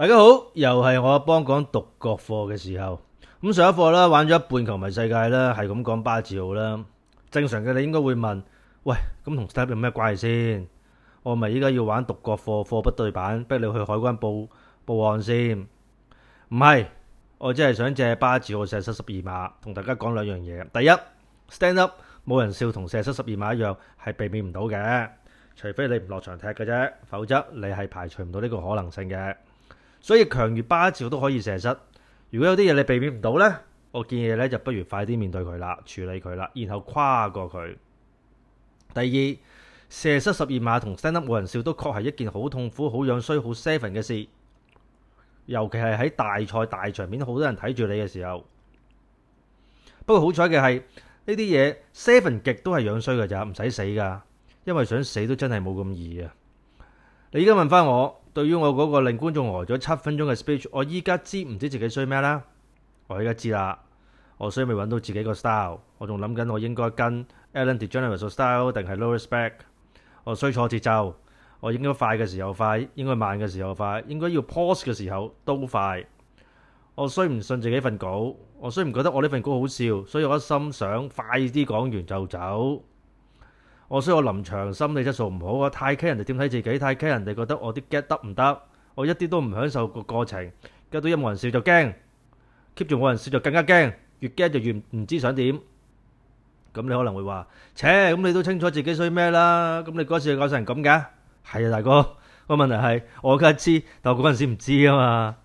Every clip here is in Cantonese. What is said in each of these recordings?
大家好，又係我幫講獨角課嘅時候。咁上一課啦，玩咗一半球迷世界啦，係咁講巴治奧啦。正常嘅你應該會問：喂，咁同 stand up 有咩關係先？我咪依家要玩獨角課，貨不對版，逼你去海關報報案先？唔係，我只係想借巴治奧射失十二碼，同大家講兩樣嘢。第一，stand up 冇人笑同射失十二碼一樣，係避免唔到嘅，除非你唔落場踢嘅啫，否則你係排除唔到呢個可能性嘅。所以強如巴喬都可以射失。如果有啲嘢你避免唔到呢，我建議咧就不如快啲面對佢啦，處理佢啦，然後跨過佢。第二，射失十二碼同 stand up 無人笑都確係一件好痛苦、好樣衰、好 seven 嘅事，尤其係喺大賽大場面，好多人睇住你嘅時候。不過好彩嘅係呢啲嘢 seven 極都係樣衰㗎咋，唔使死㗎，因為想死都真係冇咁易啊。你而家問翻我？對於我嗰個令觀眾呆咗七分鐘嘅 speech，我依家知唔知自己衰咩啦？我依家知啦，我衰未揾到自己個 style，我仲諗緊我應該跟 Ellen DeGeneres 個 style 定係 Louis CK。我衰錯節奏，我應該快嘅時候快，應該慢嘅時候快，應該要 pause 嘅時候都快。我衰唔信自己份稿，我衰唔覺得我呢份稿好笑，所以我一心想快啲講完就走。我雖然我臨場心理質素唔好啊，太 care 人哋點睇自己，太 care 人哋覺得我啲 get 得唔得，我一啲都唔享受個過程，get 到一冇人笑就驚，keep 住冇人笑就更加驚，越驚就越唔知想點。咁你可能會話：切，咁你都清楚自己衰咩啦？咁你嗰時搞成咁嘅，係啊大哥。個問題係我梗係知，但係我嗰陣時唔知啊嘛。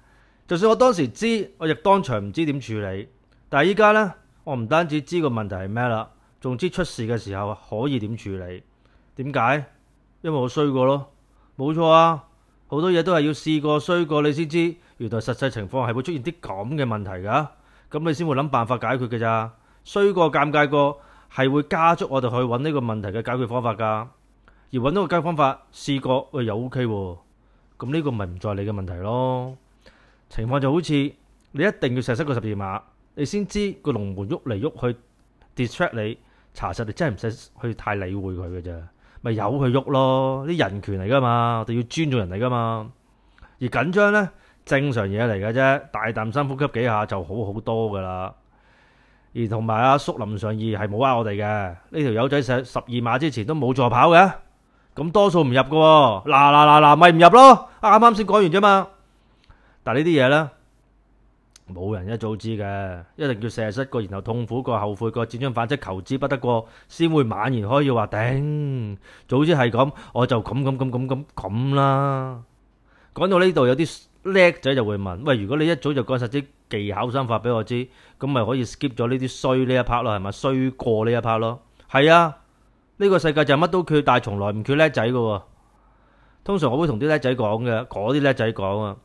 就算我當時知，我亦當場唔知點處理。但係依家呢，我唔單止知個問題係咩啦。總之，出事嘅時候可以點處理？點解？因為我衰過咯，冇錯啊！好多嘢都係要試過、衰過，你先知原來實際情況係會出現啲咁嘅問題噶。咁你先會諗辦法解決嘅咋？衰過、尷尬過，係會加速我哋去揾呢個問題嘅解決方法噶。而揾到個解決方法，試過又 OK 喎。咁呢個咪唔在理嘅問題咯。情況就好似你一定要射失個十二碼，你先知個龍門喐嚟喐去，去，distract 你。查實你真係唔使去太理會佢嘅啫，咪由佢喐咯，啲人權嚟噶嘛，我哋要尊重人嚟噶嘛。而緊張咧，正常嘢嚟嘅啫，大啖深呼吸幾下就好好多噶啦。而同埋阿叔林尚義係冇呃我哋嘅，呢條友仔上十二碼之前都冇助跑嘅，咁多數唔入噶，嗱嗱嗱嗱咪唔入咯，啱啱先講完啫嘛。但係呢啲嘢咧。冇人一早知嘅，一定要射失過，然後痛苦過、後悔過，輾轉反側求之不得過，先會猛然可以話頂。早知係咁，我就咁咁咁咁咁咁啦。講到呢度，有啲叻仔就會問：喂，如果你一早就講晒啲技巧心法俾我知，咁咪可以 skip 咗呢啲衰呢一 part 咯？係咪衰過呢一 part 咯？係啊，呢個世界就乜都缺，但係從來唔缺叻仔嘅。通常我會同啲叻仔講嘅，嗰啲叻仔講啊。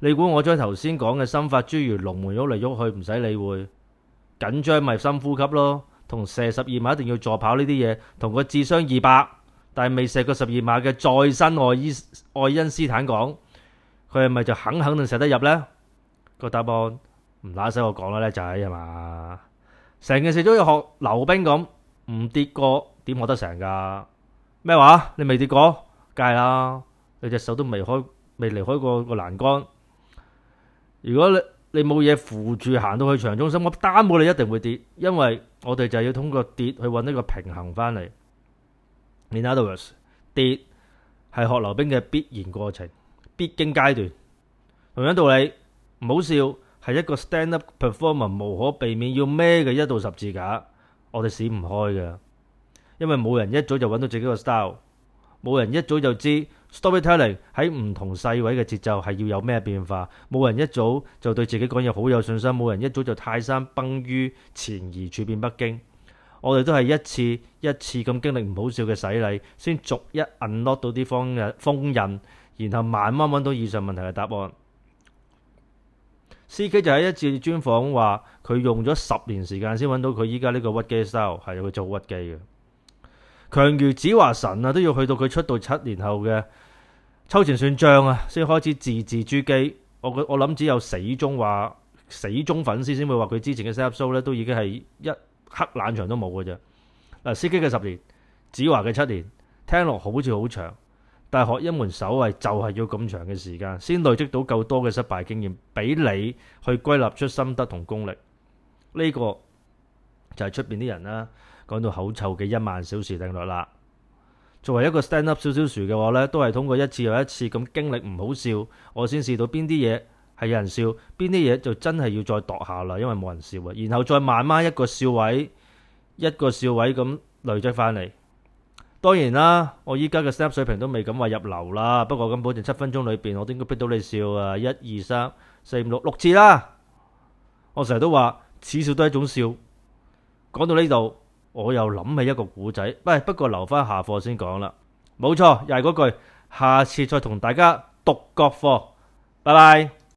你估我將頭先講嘅心法諸如龍門喐嚟喐去唔使理會，緊張咪深呼吸咯，同射十二碼一定要助跑呢啲嘢，同個智商二百但係未射過十二碼嘅再生愛伊愛因斯坦講，佢係咪就肯肯定射得入呢？個答案唔拉使我講啦，靚仔係嘛？成件事都要學溜冰咁，唔跌過點學得成噶？咩話？你未跌過，梗係啦，你隻手都未開未離開過個欄杆。如果你你冇嘢扶住，行到去場中心，我擔保你一定會跌，因為我哋就要通過跌去搵一個平衡翻嚟。In other words，跌係學溜冰嘅必然過程，必經階段。同樣道理，唔好笑，係一個 stand up performer 無可避免要孭嘅一道十字架，我哋閃唔開嘅，因為冇人一早就搵到自己個 style。冇人一早就知，storytelling 喺唔同細位嘅節奏係要有咩變化。冇人一早就對自己講嘢好有信心。冇人一早就泰山崩於前而處變不驚。我哋都係一次一次咁經歷唔好笑嘅洗禮，先逐一 unlock 到啲封封印，然後慢慢揾到以上問題嘅答案。C K 就喺一次專訪話，佢用咗十年時間先揾到佢依家呢個屈機 style，係會做屈機嘅。強如子華神啊，都要去到佢出道七年後嘅秋前算賬啊，先開始字字珠璣。我覺我諗，只有死忠話死忠粉絲先會話佢之前嘅 set up show 咧，都已經係一刻冷場都冇嘅啫。嗱，司機嘅十年，子華嘅七年，聽落好似好長，但係學一門手藝就係要咁長嘅時間，先累積到夠多嘅失敗經驗，俾你去歸納出心得同功力。呢個就係出邊啲人啦啊。講到口臭嘅一萬小時定律啦，作為一個 stand up 小小薯嘅我呢都係通過一次又一次咁經歷唔好笑，我先試到邊啲嘢係有人笑，邊啲嘢就真係要再度下啦，因為冇人笑啊。然後再慢慢一個笑位一個笑位咁累積翻嚟。當然啦，我依家嘅 stand up 水平都未敢話入流啦，不過咁保證七分鐘裏邊我都應該逼到你笑啊！一二三四五六六次啦。我成日都話，恥笑都係一種笑。講到呢度。我又諗起一個古仔，不過留翻下課先講啦。冇錯，又係嗰句，下次再同大家讀獨角課。拜拜。